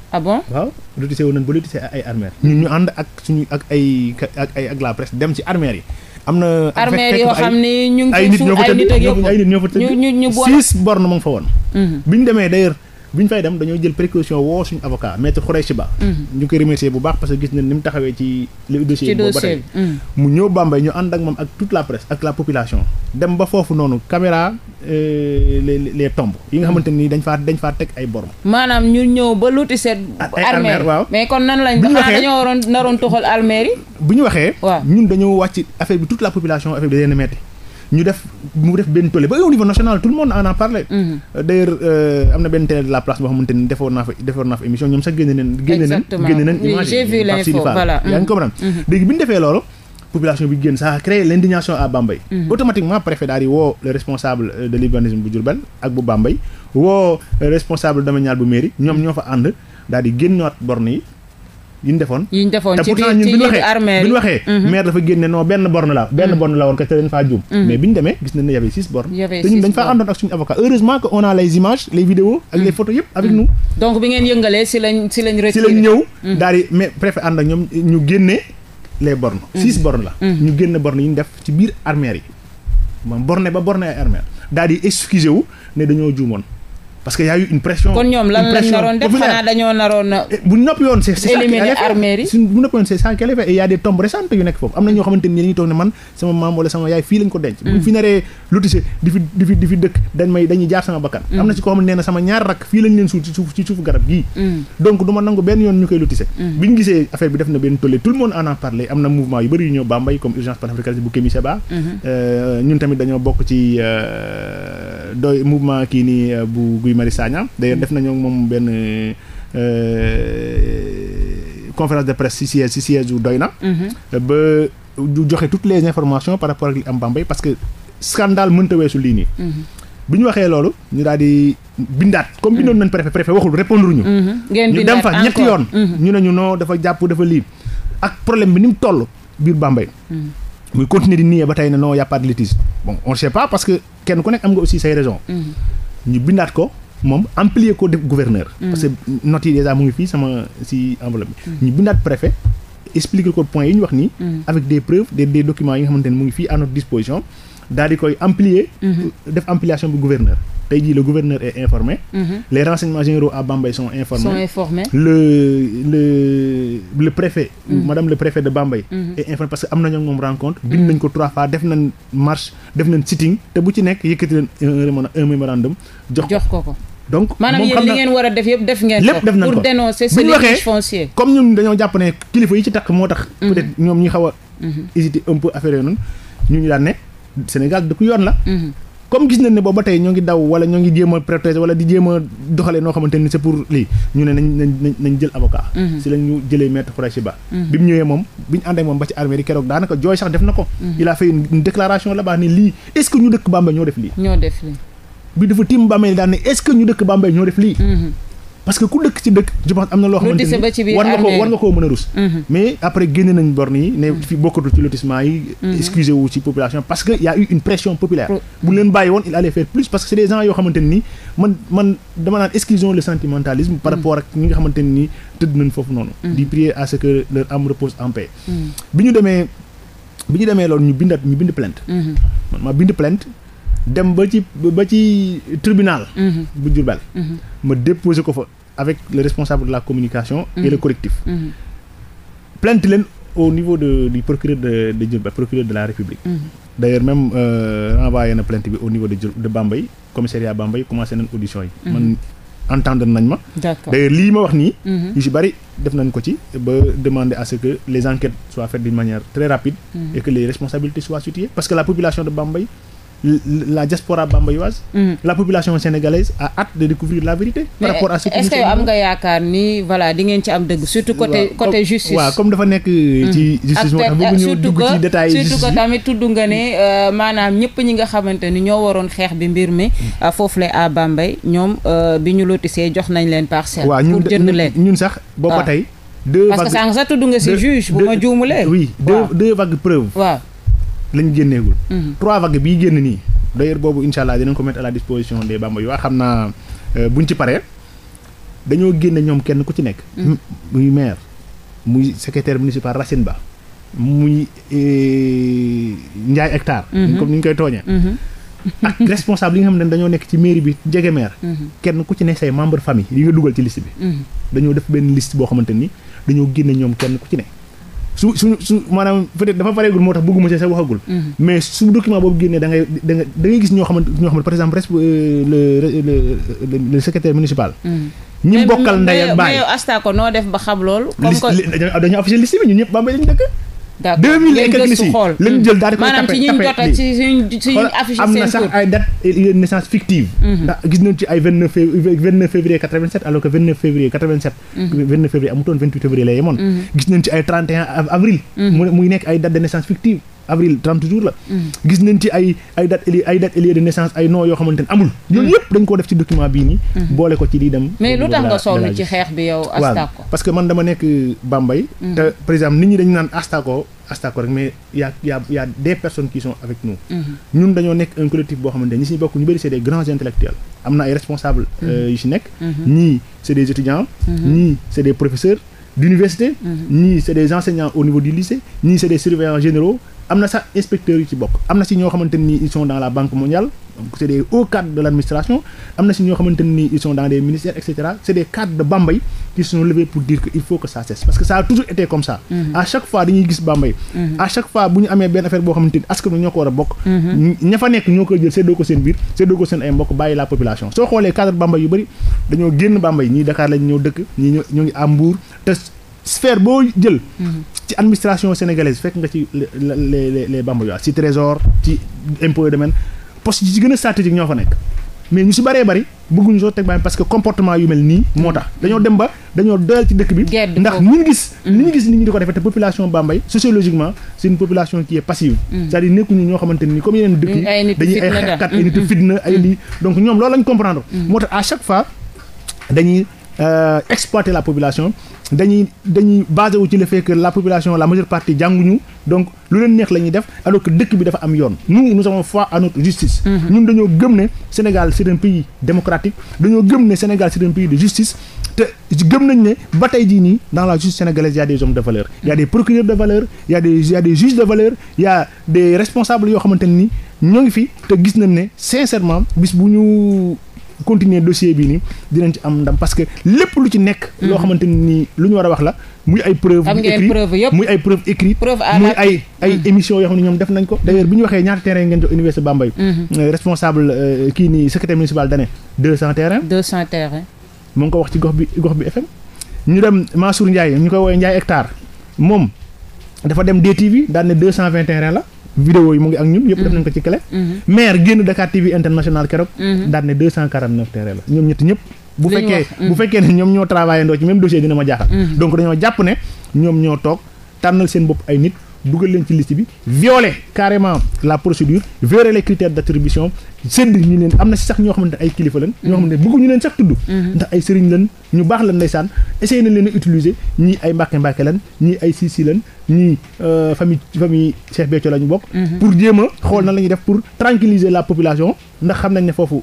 ah bon waaw lotissé woon nañ ba lotissé ay armères ñun ñu ànd ak suñu ak ay ak ay ak la presse dem ci armères yi am na armère yoo xam ne ñu ngi ay nit ñoo fa tëdd ay nit ñoo fa tëdd six bornes mu ngi fa woon mhm. bi ñu demee d'ailleurs bi ñu fay dem dañoo jël précaution woo suñu avocat maître Khoureychi Ba. Mm-hmm. ñu koy remercier bu baax parce gis nañ ni mu taxawee ci. le dossier boobu ba mm. mu ñëw Bambey ñu ànd ak moom ak tout la presse ak la population. dem ba foofu noonu caméra euh, les les tombes yi nga mm-hmm. xamante ni dañ fa dañ faa teg ay borm maanaam ñu ñëw ba luuti seet. Ah, ay armère waaw mais kon nan lañ. bu ñu ah, waxee dañoo waroon naroon toxal armère yi. bu ñu waxee. waaw ñun dañoo wàcc affaire bi tout la population affaire bi da leen ñu def mu def benn tollé ba au niveau national tout le monde en a parlé. Mhm. Euh, d' euh, am na benn télé de la place boo xamante ni defoon naa fa defoon naa fa émission ñoom sax génne nañ. exactement génne nañ image yi. j'ai vu l'info voilà yaa ngi mhm. Mhm. bi ñu defee loolu. population bi génn ça a créé l' à Bambey. automatiquement préfet daal woo le responsable euh, de l'urbanisme bu Diourbel ak bu Bambey woo responsable domanial bu mairie ñoom ñoo fa ànd daal di génnaat borne yi. yi ñu defoon yi ñu defoon te pourtant ñun bi ñu waxee bi ñu waxee mhm. maire dafa génne non benn borne la benn borne la woon kay te dañ faa juum mhm. mais bi ñu demee gis nañ ne y avait six bornes te ñun dañ faa àndoon ak suñu avocat heureusement que on a les images les vidéos ak les mhm. photos yëpp avec nous donc bi ngeen yëngalee si lañ si lañ retiré si lañ ñëw daal di mais préfet ànd ñoom ñu génnee les bornes six bornes la ñu génne borne yi ñu def ci biir armères yi moom borne ba borne ay armères daal di excusé wu ne dañoo juumoon parce que y' a eu une pression. kon euh, eh, bu noppi woon c' est ça éliminer armée bu noppi woon c' est ça qu'elle fait et y' a yu nekk foofu am na ñoo xamante ni dañuy toog ne man sama maam wala sama yaay fii lañ ko denc. dañuy jaar sama bakkan. Mm. am na ci koo xam ne sama ñaar rakk fii lañ leen suuf ci suuf garab gii. Mm. donc du nangu benn yoon ñu koy lotissé. Mm. biñ gisee affaire bi def na benn tollé tout le monde en a am na mouvement yu bëri yu ñëw Bambey Guy Marius Sagna d'ailleurs mm. def nañu moom benn euh, conférence de presse si siège si siège doy na mm-hmm. ba du joxe toutes les informations par rapport ak li am Bambey parce que scandale mënta weesu lii nii mm-hmm. bi ñu waxee loolu ñu daal di bindaat comme bindoon mm. nañ préfet préfet waxul répondre ñu mm-hmm. ñu dem fa ñetti yoon ñu ne ñu non dafa jàpp dafa lii ak problème bi ni mu toll biir Bambey muy continuer di nier ba tey ne non y a pas de litige bon on ne sait pas parce que kenn ku nekk am nga aussi ñu bindaat ko moom amplier ko def gouverneur. Mm. parce que notes yi déjà mu ngi fii sama si enveloppe bi. Mm. ñu bindaat préfet expliquer ko point yi ñu wax nii. Mm. avec des preuves des documents yi nga xamante ne mu ngi fii à notre disposition daal di koy amplier. Mm-hmm. def ampliation bu gouverneur. tey jii le gouverneur est informé. Mm -hmm. les renseignements généraux à Bambey sont informés. sont informés. le le le préfet. Mm. madame le préfet de Bambey. Mhm. est informé parce que am nañu moom rencontre. bind mhm. nañ ko trois fois def nañ marche def nañ sitting te bu ci nekk yëkkati leen un mémorandum jox ko jox ko ko. donc maanaam yéen li ngeen war a def yëpp def ngeen lépp def nañ ko pour dénoncer ce litige foncier comme ñun dañoo jàpp kilifa yi ci takk moo tax mhm. peut-être ñoom ñi xaw a hésité un peu affaire yooyu noonu ñu ñu comme gis nañ ne booba tey ñoo ngi daw wala ñoo ngi jéem a protéger di jéem a noo xamante ni c'est pour lii ñu ne nañ nañ nañ jël avocat mhm. si la jëlee maître Khoureychi Ba mhm. bi ñëwee moom bi ñu ànd moom ba ci armée keroog daanaka jooy sax def na ko mhm. il a fait déclaration là-bas ne lii est ñu dëkk Bambey ñoo def lii bi dafa tiim Bambey ñoo def lii parce que ku dëkk ci dëkk je pense am na loo xamante war nga koo mën a rus mhm. mais après génne nañ borne yi ne fi bokkatul ci lotissement yi mhm. excusez wu ci population parce que y eu une pression populaire bu leen bàyyi woon il allait faire plus parce que c'est des gens yoo xamante man man dama naan excusons le sentimentalisme par mhm. rapport ak ñi nga xamante tëdd nañ foofu noonu di prier à ce que leur âme repose en bi ñu demee bi ñu demee loolu avec le responsable de la communication mmh. et mhm. le collectif mhm. plainte leen au niveau de du procureur de de Diourbel procureur de la République mhm. d'ailleurs même euh, envoyé na plainte bi au niveau de de Bambey commissariat mbay commencé nañ audition yi man entendre nañ ma d'ailleurs lii ma wax nii yu ci bari def nañ ko ci ba demander à ce que les enquêtes soient faites d'une manière très rapide et que les responsabilités soient situées parce que la population de Bambey la diaspora bambayoise. Mm. la population sénégalaise a hâte de découvrir la vérité. par rapport est-ce am nga yaakaar ni voilà di ngeen ci am dëgg. surtout côté côté justice. waaw comme dafa nekk mm. ci justice moo tax bëgguñu dugg ci tudd nga ne euh, maanaam ñëpp ñi nga xamante ni ñoo waroon xeex bi mbir mi mm. euh, foofu la à Bambey ñoom euh, bi ñu lotissé jox nañ leen parcelle. pour jënd leen ñun sax booba tey. deux vagues sa tudd nga preuves. waaw. lañ génneegul. Mhm. trois vagues bii génn nii d'ailleurs boobu incha allah dinañ ko mettre à la disposition des bamba yoo xam naa euh, buñ ci paree dañoo génne ñoom kenn ku ci nekk. Mhm. muy maire muy secrétaire municipal Racine Ba. muy euh, Ndiaye hectare. comme mhm. ni ñu koy tooñee. ak responsable yi nga xam ne dañoo nekk ci mairie bi kenn ku ci ne say membre famille yi nga dugal bi. dañoo def benn liste boo xamante ni dañoo génne ñoom kenn ku ci ne. su su su maanaam peut-être dafa pareegul moo tax bëgguma ci sax waxagul mhm. mais su document boobu génnee da ngay da nga da gis ñoo xamante ñoo xamante par exemple euh, le le le secrétaire municipal mhm. ñi bokkal ndey ak baay yow asta ko noo def ba xab loolu comme dañoo officiel liste bi ñun ñëpp Bambey lañu dëkk deux mille et quelques si lañ jël daal di koy maanaam ci suñ suñ affiché am ay date naissance fictive mhm. gis nañ ci ay vingt quatre vingt sept alors que vingt quatre vingt sept vingt amutoon vingt huit février mhm. gis nañ ci ay trente et un mhm. nekk ay date de naissance fictive avril 30 jours la. Mm. gis nañ ci ay ay date ay date de naissance ay non yoo xamante ne amul. Mm. yooyu yëpp dañ ko def ci document bii nii. Mm. boole ko ci di dem. mais lu tax nga sonn ci xeex bi yow. Astako parce que man dama nekk Bambey. te par exemple nit ñi dañu naan Astako Astako rek mais y' a y' des personnes qui sont avec nous. Mm-hmm. ñun dañoo nekk un collectif boo xamante ñi si bokk ñu bëri c' est des grands intellectuels am na ay responsables. Euh, yu si nekk. Mm-hmm. ñii c' am na sax inspecteurs yu ci bokk am na si ñoo xamante ni ils sont la banque mondiale donc c' est des de l' am na si ñoo xamante ni ils sont dans des ministères et de Bambey qui se sont levés pour dire que il faut que ça cesse parce que ça a toujours été comme ça. Mhm. à chaque fois dañuy gis Bambey. Mhm. à chaque fois bu ñu amee benn affaire boo xamante ni askan ñoo ko war a bokk. Mhm. ña fa nekk ñoo koy jël séddoo ko seen biir séddoo ko seen sphère boo jël. Mhm. ci administration sénégalaise fekk nga ci les les les bambouillards ci trésor ci impôt et domaine poste yi ci gën a stratégique ñoo fa nekk. mais ñu si baree bari bëgguñu soo teg bàyyi parce que comportement yu mel nii moo tax dañoo dem ba dañoo doyal ci dëkk bi ndax mhm. ñu gis li ñu gis nit ñi ko defee te population Bambey sociologiquement c'est une population qui est passive mhm. c'est-à-dire nekkuñu ñoo xamante ni comme yeneen dëkk dañuy ay xeexkat ay nit mm-hmm. mm-hmm. ñoom loolu lañ comprendre mm-hmm. moo tax à chaque fois dañuy euh, exploiter la population dañuy dañuy basé wu ci le fait la population la majeure partie jànguñu donc lu leen neex la ñuy def alors dëkk bi dafa am yoon nous nous avons fois à notre justice mhm. ñun dañoo gëm ne Sénégal c'est un pays démocratique dañoo gëm ne Sénégal c'est un pays de justice te gëm nañ ne ba tey jii nii dans la justice sénégalaise y a des hommes de valeur y a des procureurs de valeur y a des de valeur y a des yoo xamante ne ni ñoo ngi fi te gis nañ ne sincèrement bis bu ñu continuer dossier bi nii dinañ ci am ndam parce que lépp lu ci nekk. Mhm. loo xamante ni lu ñu war a wax la. muy ay preuve écrite muy ay preuve écrite muy ay ay mhm. émission yoo xam ne ñoom def nañ ko d'ailleurs bi ñu waxee ñaata terrain ngeen jox université Bambey mhm. euh, responsable euh, kii nii secrétaire municipal dane deux cent ko wax ci gox bi gox bi FM ñu dem Mansour Ndiaye ñu koy woowee Ndiaye hectare moom dafa dem DTV daan ne deux cent vingt terrain la vidéo yi mu ngi ak ñun yëpp def mm-hmm. nañ ko ci clé mm-hmm. maire génn Dakar TV international keroog mm-hmm. daal ne deux cent quarante neuf terrain la ñoom ñett ñëpp bu fekkee bu fekkee ne ñoom ñoo travaillé ndoo ci même dossier dina ma jaaxal donc dañoo jàpp ne ñoom ñoo toog tànnal seen bopp ay nit dugal leen ci liste bi violer carrément la procédure violer les critères d'attribution sedd ñu leen am na si sax ñoo xamante ay kilifa lañ ñoo xamante bëgguñu leen sax tudd ndax ay sëriñ lañ ñu baax lañ ndeysaan essayé nañ leen a utiliser ñii ay mbàkke mbàkke lañ ñii ay siisi ñii euh, famille famille Cheikh Béthio la bokk. Mhm. pour jéem a xool nan la ñuy def pour tranquilliser la population ndax xam nañ ne foofu.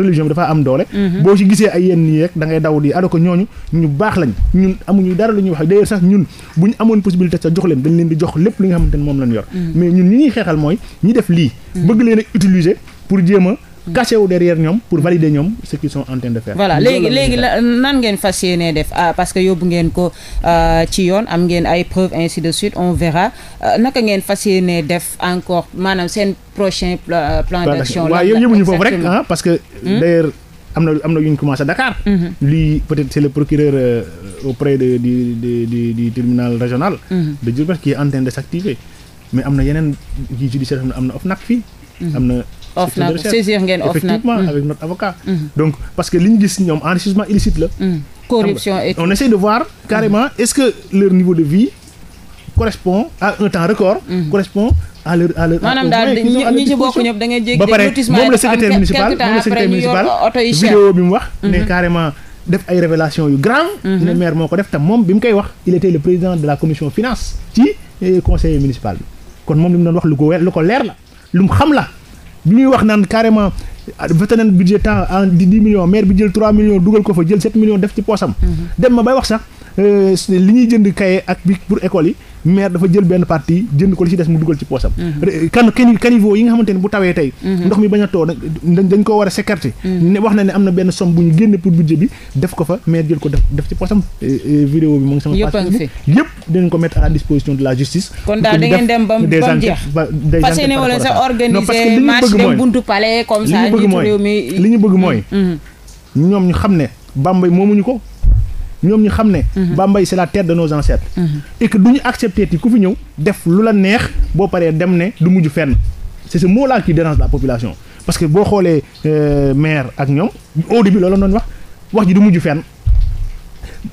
religion bi dafa am doole mhm. boo ci gisee ay yenn nii rek da daw di ado ko ñooñu ñu baax lañ ñun amuñu dara lu wax d'ailleurs sax ñun bu ñu amoon possibilité sax jox leen dañ leen di jox lépp li nga xamante moom lañ yor mhm. mais ñun ñi ñuy xeexal mooy ñi def lii bëgg leen a utiliser pour jéem caché wu derrière ñoom pour valider ñoom ce qu'ils sont en train de faire. voilà léegi léegi nan ngeen fas def ah, parce que yóbbu ngeen ko euh, ci yoon am ngeen ay ainsi de suite on verra euh, naka ngeen fas yéenee def encore maanaam seen prochain euh, plan d'action. waaw yow yëmuñu foofu rek ah, parce que hmm? d'ailleurs am na am na Dakar. Hmm. lii peut-être c'est le procureur auprès de du du régional. Hmm. de Diourbel am na yeneen judiciaire fii. of na mm. mm. donc parce que li ñu gis ñoom enrichissement illicite la. Mm. on essaie de voir carrément est-ce que leur niveau de vie correspond à un temps record. correspond à leur à leur. maanaam daal ñi ci bokk ñëpp da ngay jéggi. ba pare moom la secrétaire municipal moom la secrétaire municipal vidéo bi mu wax. ne mm-hmm. carrément. def ay révélation yu grave mm-hmm. dina maire moo ko def tam moom bi mu koy wax il était le président de la commission finance ci eh, conseil municipal bi kon moom ko lu ko leer la bi ñuy wax naan carrément voté nañ budget temps en dix millions maire bi jël trois millions dugal ko fa jël sept millions def ci poosam mm-hmm. dem ma bay wax sax Euh, li ñuy jënd kaye ak bi pour école yi maire dafa jël benn partie jënd ko li ci des mu dugal ci poosam mhm. kan caniveau yi nga xamante ne bu tawee tey mhm. ndox mi bañ a too dañ koo war a sécurité mhm. ne wax na ne am na benn somme bu ñu génne pour budget bi def ko fa maire jël ko def def ci poosam euh, euh, vidéo bi mu ngi sama page yëpp dinañ ko mettre à la disposition de la justice kon daal da ngeen dem ba mu jeex parce que li ñu bëgg mooy li ñoom ñu xam ne Bambey moomuñu ko ñoom ñu xam ne. Mhm. Bambey c'est la terre de nos ancêtres. Mhm. et que du ñu accepter ti ku fi ñëw def lu la neex boo paree dem ne du mujj fenn c'est ce mot là qui la population. parce que boo xoolee euh, maire ak ñoom au début loolu la doon wax wax ji du mujj fenn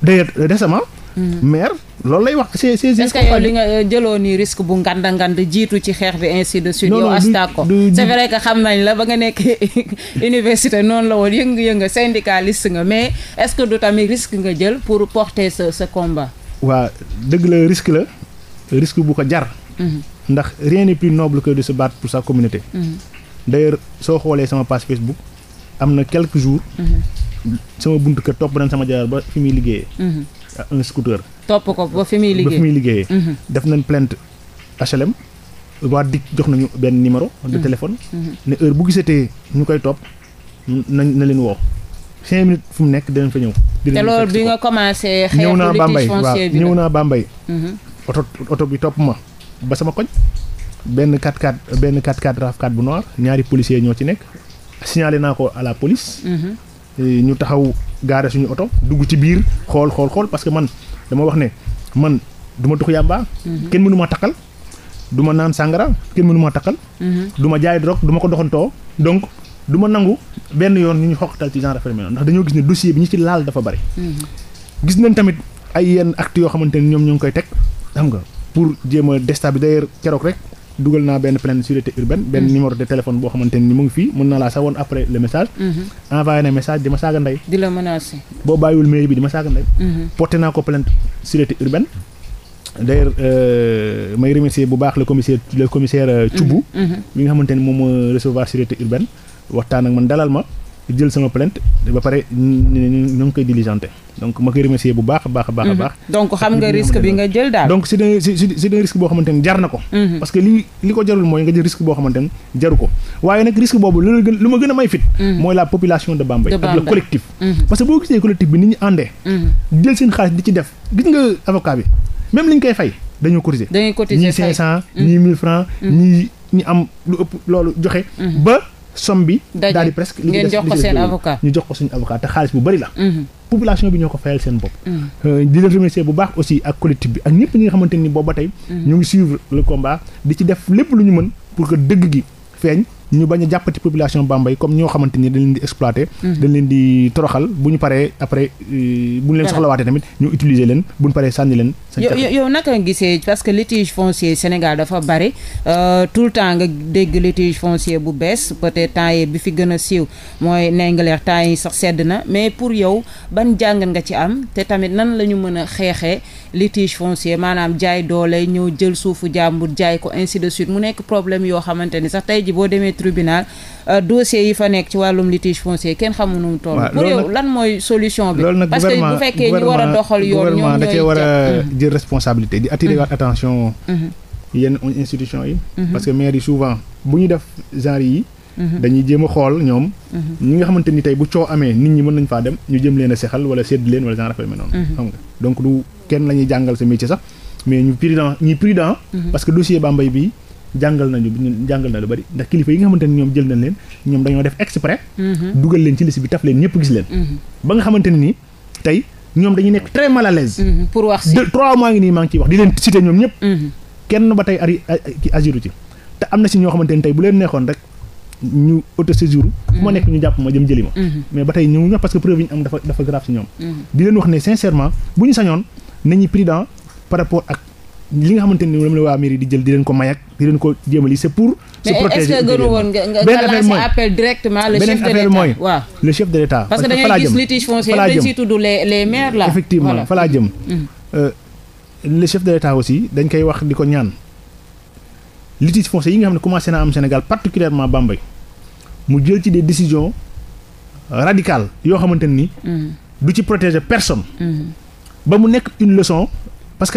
d'ailleurs récemment. maire loolu lay wax c'est c'est est-ce que yow li nga euh, jëloo ni risque bu nganda ngand jiitu ci xeex bi ainsi de suite yow astako c'est vrai que xam nañ la ba nga nekk [laughs] université noonu la woon yëngu-yëngu syndicaliste nga mais est-ce que du tamit risque nga jël pour porter ce ce combat waaw dëgg la risque la risque bu ko jar mhm. ndax rien n'est plus noble que de se battre pour sa communauté mhm. d'ailleurs soo xoolee sama page Facebook am na quelques jours mhm. sama buntu kër topp nañ sama jaar ba fi muy liggéeyee un scooter. topp ko ba fi muy liggéey ba fi muy liggéeyee. Mm-hmm. def nañ plainte HLM. waa DIC jox nañu benn numéro. de mm-hmm. téléphone. Mm-hmm. heure bu gisatee ñu koy topp na na leen woo. cinq minutes fu mu nekk dinañ fa ñëw. te loolu bi nga commencé. xeexu litige foncier bi ñëw naa oto oto bi topp ma ba sama koñ. benn 4-4 benn 4-4 RAV4 bu noir ñaari policier ñoo ci nekk signalé naa ko à la ñu taxaw gaare suñu oto dugg ci biir xool xool xool parce que man dama wax ne man duma ma tux yàmba mhm. kenn mënu ma takkal du ma naan sàngara kenn mënu ma takkal mhm. du ma jaay drogue du ma ko doxantoo donc du ma nangu benn yoon ñu ñu xoqatal ci genre affaire ndax dañoo gis ne dossier bi ñu ci laal dafa bari mhm. gis nañ tamit ay yenn actes yoo xamante ne ñoom ñoo ngi koy teg xam nga pour jéem a déstabiliser keroog rek dugal naa benn plainte sûreté urbaine benn mm. numéro de téléphone boo xamante ni mu ngi fii mën naa laa sax woon après le message mm-hmm. envoyé message di ma saaga ndey boo bàyyiwul mairie bi di ma saaga ndey mm-hmm. porté naa ko plainte sûreté urbaine d'ailleurs euh, may remercier bu baax la commissaire le commissaire euh, Thioubou mm-hmm. mi nga xamante ni moom moo recevoir sûreté urbaine waxtaan ak man dalal ma jël sama plainte ba pare ñu koy diligenté donc ma koy remercier bu baax baax baax mhm. baax donc xam nga risque bi nga jël daal donc c'est un c'est un risque boo xamante jar na ko mhm. parce que li li ko jarul mooy nga jël risque boobu lu ma gën a may fit mhm. mooy la population de Bambey ak le collectif parce que boo gisee collectif bi ni ñu àndee jël seen xaalis di ci def gis nga avocat bi même li ñu koy fay dañoo cotiser ñii cinq ñii mille francs ñii ñi am somme bi. daal di presque li ngeen jox ko ñu jox ko suñu avocat te xaalis bu bari la. Mhm. population bi ñoo ko fayal seen bopp. Mhm. Euh, di leen remercier bu baax aussi ak collectif bi ak ñëpp ñi nga xamante ni boobu ba tey. Mhm. ñu ngi suivre le combat di ci def lépp lu ñu mën pour que dëgg gi feeñ. ñu bañ a jàppati population Bambey comme ñoo xamante ni dañ leen di exploité. Mhm. dañ leen di toroxal bu ñu paree après euh, bu ñu leen soxlawaatee tamit ñu utiliser leen bu ñu paree sànni leen. yow naka gisee parce que litige foncier Sénégal dafa bari euh, tout le temps nga dégg litige foncier bu bees peut-être temps yi bi fi gën a siiw mooy Ndingler temps yi sax sedd na mais pour yow ban jàng nga ci am te tamit nan la ñu mën a xeexee litige foncier maanaam jaay doole ñëw jël suufu jàmbur jaay ko ainsi de suite mu nekk problème yoo xamante ni sax tey tribunal euh, dossier yi fa nekk ci wàllum litige foncier kenn xamu nu mu toll. pour yow lan mooy solution bi. parce que bu fekkee ñu war a doxal yoon ñoom da cee war a jël mm-hmm. responsabilité di attirer waat attention. Mm-hmm. yenn institution yi. Mm-hmm. parce que maire yi souvent bu ñu def genre yi. dañuy jéem a xool ñoom. ñi nga xamante ni tey bu coow amee nit ñi mën nañ faa dem ñu jëm leen a sexal wala sedd leen wala genre affaire bi xam nga donc du kenn la ñuy jàngal sa métier sax mais ñu prudent ñi prudent. parce que dossier Bambey bii. jàngal nañu jàngal na lu bari ndax kilifa yi nga xamante ni ñoom jël nañ leen ñoom dañoo def exprès mhm. dugal leen ci liste bi taf leen ñëpp gis leen mhm. ba nga xamante nii tey ñoom dañuy nekk très mal à mhm. pour wax si trois mois ngi nii maa ngi wax di leen cité ñoom ñëpp kenn ba tey ari ci te am na si ñoo xamante tey bu leen neexoon rek ñu auto séjour ma nekk ñu jàpp ma jëm jëli ma mais ba tey ñëwuñu parce que preuve am dafa dafa grave li nga xamante ni moom la mairie di jël di leen ko mayak di leen ko jéemal yi c'est pour se protéger mais est-ce que gënu woon nga nga lancer appel directement le chef de l'État mooy waaw parce que da ngay litige foncier dañ ciy tudd les les maires là effectivement fa jëm mm-hmm. euh, le chef de l'État aussi dañ koy wax di ko ñaan litige foncier yi nga xam ne commencé naa am Sénégal particulièrement Bambey mu jël ci des décision radicales yoo xamante ni mm-hmm. du ci protéger personne mm-hmm. ba mu nekk une leçon parce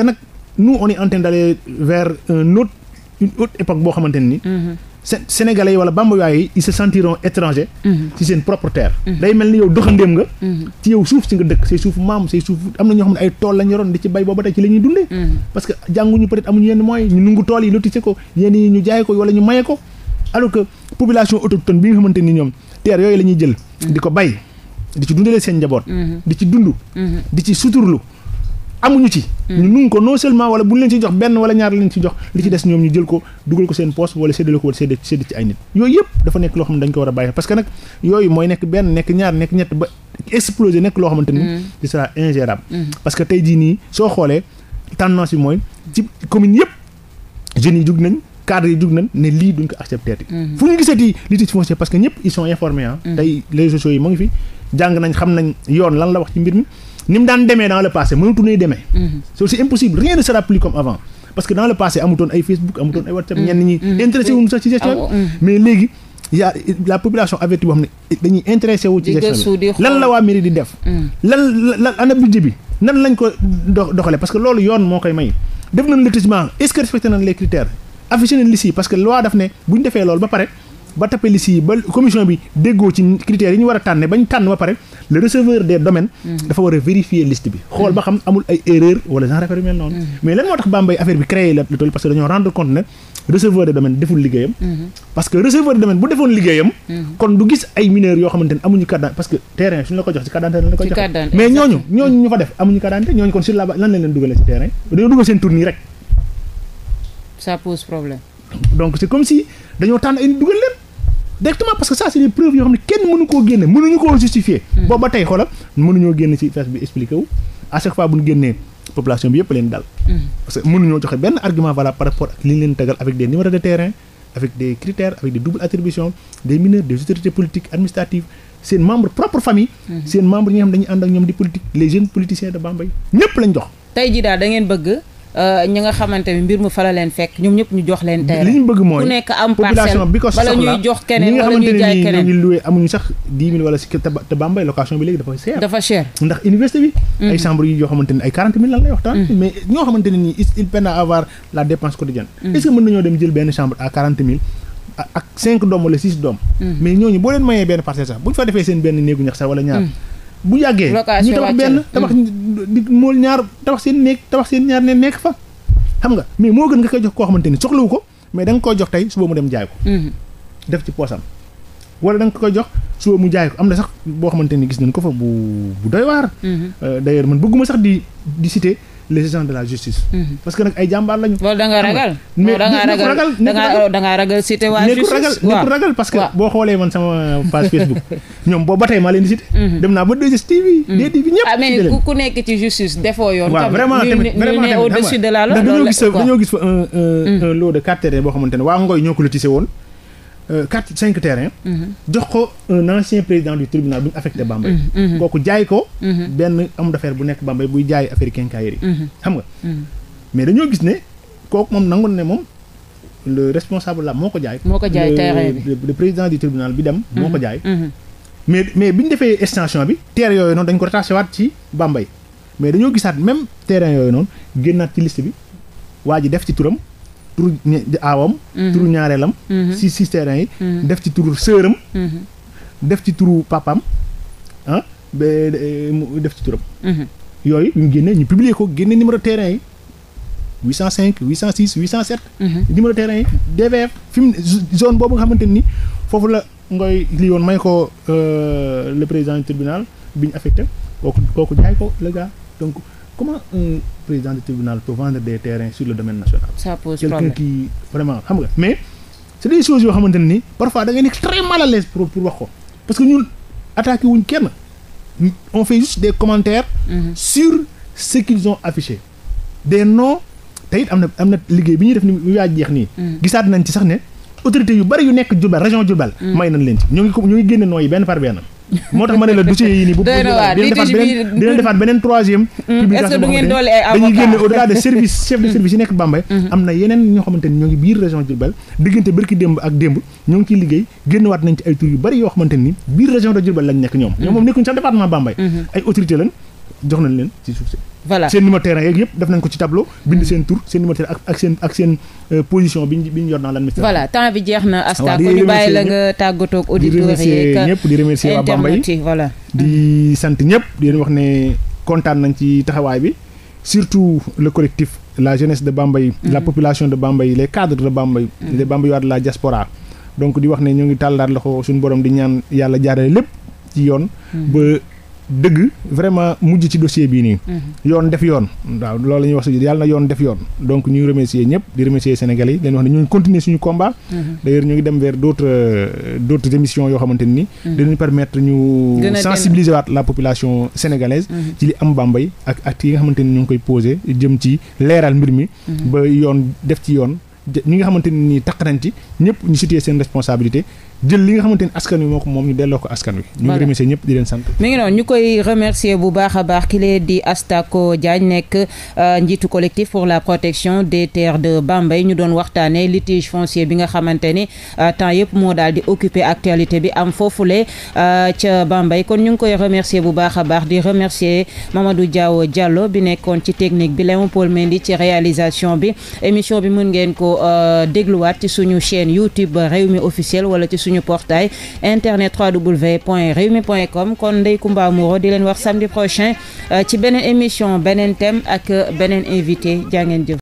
nous on est vers un autre boo xamante ne ni. Mm-hmm. Sénégalais yi wala bambayaay yi ils se sentiront étrangers. Mm-hmm. ci seen propre terre. Mm-hmm. day mel ni yow doxandéem nga. ci yow suuf si nga dëkk say suuf maam say suuf am na ñoo xam ne ay tool lañ yoroon di ci bay booba ci la dundee. parce que jànguñu peut-être amuñu yenn moyens ñu nungu tool yi lotissé ko yenn yi ñu jaay ko wala ñu maye ko alors que population autochtone bi nga xamante ni ñoom terre yooyu la ñuy jël. di ko bay di ci dundalee seen di ci dund. di ci suturlu. amuñu ci mm. ñu nun ko non seulement wala bu leen ci jox benn wala ñaar leen ci jox li ci des ñoom ñu jël ko dugal ko seen poste wala séddale ko wala sédd sédd ci ay nit yooyu yëpp dafa nekk loo xam ne dañ ko war a bàyyi parce que nag yooyu mooy nekk benn nekk ñaar nekk ñett ba exploser nekk loo xamante ne mm. ce sera ingérable mm. parce que tey jii nii soo xoolee tendance bi mooy ci commune yëpp jeunes yi jug nañ cadres yi jug nañ ne lii duñ ko accepté ti fu ñu gisati litige foncière parce que ñëpp ils sont informés ah tey réseaux yi mu ngi fi jàng nañ xam nañ yoon lan la wax ci mbir mi ni mu daan demee dans le passé mënatu nay demee. Mhm. c'est impossible rien ne comme avant. parce que dans le passé amutoon ay Facebook amutoon ay WhatsApp. ñenn ñi mhm. intéressé wuñu sax ci gestion ah mhm. mais léegi a la population avertie boo xam ne dañuy intéressé wu. ci gestion lan la waa mairie di def. lan lan ana budget bi nan lañ ko doxalee parce que loolu yoon moo koy may. def nañ lotissement est-ce que respecté nañ les critères affiché nañ liste parce que loi daf ne bu ñu loolu ba pare. ba tapé liste yi ba commission bi déggoo ci critères yi ñu war a tànne bañ tànn ba pare le receveur des domaines mhm. dafa war a vérifier liste bi xool ba mhm. xam amul ay erreur wala genre affaire yu mel noonu mhm. la toll parce que dañoo rendre compte ne receveur des domaines deful liggéeyam parce que receveur des domaines bu defoon liggéeyam kon du gis ay mineurs yoo xamante amuñu carte parce que terrain suñu la ko jox ci carte d'identité la ko jox mais ñooñu ñooñu directement parce que ça c'est des preuves yoo xam ne kenn mënu koo génne mënuñu koo justifier hmm. boobu ba tey xoolal mënuñoo génn ci fes bi expliqué wu à chaque fois bu ñu génnee population bi yëpp leen dal hmm. parce que mënuñoo joxe benn argument valable par rapport ak li ñu leen tegal avec des numéros de terrain avec des critères avec des doubles attributions des mineurs des autorités politiques administratives seen membre propre famille hmm. seen membre ñi xam dañuy ànd Euh, ñi nga xamante ni mbir mu fa leen fekk ñoom ñëpp ñu jox leen terrain li ñu bëgg mooy ku nekk am parcelle bi ko soxla wala ñuy jox keneen wala ñuy jaay keneen ñi nga xamante ne nii ñoo ngi loué amuñu sax dix mille wala si te Bambey location bi léegi dafa cher dafa cher ndax université bi mm. ay chambre yi yoo xamante ne ay quarante mille lan lay waxtaan mm. mais ñoo xamante nii il peine à la dépense quotidienne mm. est-ce que mën nañoo dem jël benn chambre à quarante mille ak cinq doom wala six doom mais ñooñu boo leen bu yàggee ñu tabax benn tabax hmm. di mool ñaar tabax seen néeg tabax seen ñaar ne nekk fa xam nga mais moo gën nga koy jox koo xamante ni soxlawu ko mais da nga koy jox tey suba mu dem jaay ko hmm. def ci poosam wala da nga koy jox suba mu jaay ko am na sax boo xamante ni gis nañ ko fa bu bu doy waar hmm. euh, d'ailleurs man bëgguma sax di di citer les gens de la justice. Mhm. parce que nag ay jàmbaar lañu. loolu da nga ragal. mais da nga ragal oh, da nga ragal cité waa justice. waaw nekkul ragal parce que boo xoolee man sama euh, page [laughs] Facebook ñoom boobu ba tey maa leen di cité. Mhm. dem naa ba 2STV. Mhm. DTV ñëpp ah ku nekk ci justice defoo yoon. waaw vraiment tamit vraiment tamit au-dessus de la loi. loolu dañoo gis dañoo gis fa un un de quatre terrains boo xamante ne waa Ngoy ñoo ko lotissé woon. quatre euh, cinq terrain mm-hmm. jox ko un ancien président du tribunal bu affecte affecté Bambey mm-hmm. kooku jaay ko mm-hmm. benn am d'affaires bu nekk Bambey buy jaay affaire quincaillerie xam nga mais dañoo gis ne kooku moom nangoon ne moom le responsable la moo ko jaay moo ko jaay terrain bi le président du tribunal bi dem moo ko jaay mais mais bi ñu defee extension bi terre yooyu noonu dañ ko rattaché waat ci Bambey mais dañoo gisaat même terrain yooyu noonu génnaat ci liste bi waa ji def ci turam turu aawam. Mhm. turu ñaareelam. Mhm. si si terrain yi. Mhm. def ci turu sëram. def ci turu papam ah, def ci turam. yooyu ñu génne ñu publier ko génne numéro terrain yi 805 806 807. numéro terrain yi DVF fi zone boobu nga xamante ni foofu la ngoy li woon may ko euh, le président tribunal bi ñu kooku jaay ko le comment un président de tribunal peut vendre des terrains sur le domaine national. ça pose problème quelqu'un qui vraiment xam nga mais. c'est des choses yoo xamante ne ni parfois da ngay nekk très mal à l'aise pour wax ko parce que ñun attaqué wuñ kenn on fait juste des commentaires. Mm -hmm. sur ce qu'ils ont affiché. des noms te it am na am na liggéey bi ñuy def ni yaa jeex nii. Mm. gisaat nañ ci sax ne autorités yu bari yu nekk Diourbel région Diourbel. Mm. may nañ leen ci ñoo ngi ko ñoo ngi génne noo yi benn par benn. moo tax ma ne la dossier yi nii bu dinañ defaat beneen troisième publication mm, mm, dañuy génne au delà de chef de mm. service yi nekk Bambey am na yeneen ñoo xamante ni ñoo ngi biir région Diourbel diggante barki démb ak démb ñoo ngi ciy liggéey génnewaat nañ ci ay tur yu bari yoo xamante ni biir région de Diourbel lañ nekk ñoom ñoom moom nekkuñ sax département Bambey mm-hmm. ay autorité lañ jox nañ leen ci suuf si voilà seen numéro terrain yeeg yëpp def nañ ko ci tableau bind seen tur seen numéro terrain ak seen ak seen euh, position bi ñu bi ñu yor dans l'administration. voilà temps bi jeex na. asta ah ko ñu bàyyi la nga tàggatoo ak auditeurs di remercier waa Bambey voilà. di sant ñëpp di leen wax ne kontaan nañ ci taxawaay bi surtout le collectif la jeunesse de Bambey. Mm. la population de Bambey les cadres de Bambey. Mm. les Bambeyois de la diaspora. donc di wax ne ñoo ngi tàllaat loxo suñu borom di ñaan yàlla jaarale lépp ci yoon mm. dëgg vraiment mujj ci dossier bii nii. Mhm. yoon def yoon. waaw loolu la ñuy wax si yàlla na yoon def yoon donc ñuy remercier ñëpp di remercier Sénégalais yi dañuy wax ne ñu ngi continuer suñu combat. Mhm. d'ailleurs ñu ngi dem vers d'autres euh, d'autres émissions yoo xamante nii mhm. dinañu permettre ñu. sensibiliser waat la population sénégalaise. ci li am Bambey ak ak yi nga xamante ni ñu ngi koy poser jëm ci leeral mbir mi. ba yoon def ci yoon ñi nga xamante ni taq nañ ci. ñëpp ñu situé seen responsabilité jël li nga xamante ni askan wi moo ko moom ñu delloo ko askan wi. ñu ngi remercier ñëpp di leen sant. mi ngi noonu ñu koy remercier bu baax a baax ki lee di Astako Diagne nekk euh, njiitu collectif pour la protection des terres de bambay ñu doon waxtaanee litige foncier bi nga xamante ni euh, temps yëpp moo daal di occuper actualité bi am foofu foofule euh, ca bambay kon ñu ngi koy remercier bu baax a baax di remercier Mamadou Diaw Diallo bi nekkoon ci technique bi Léon Paul Mendy ci réalisation bi émission bi mën ngeen ko dégluwaat ci suñu chaîne. chaîne YouTube Rewmi officiel wala ci suñu portail internet www.rewmi.com kon Ndeye Comba Moreau di leen wax samedi prochain euh, ci beneen émission beneen thème ak beneen invité jaa jëf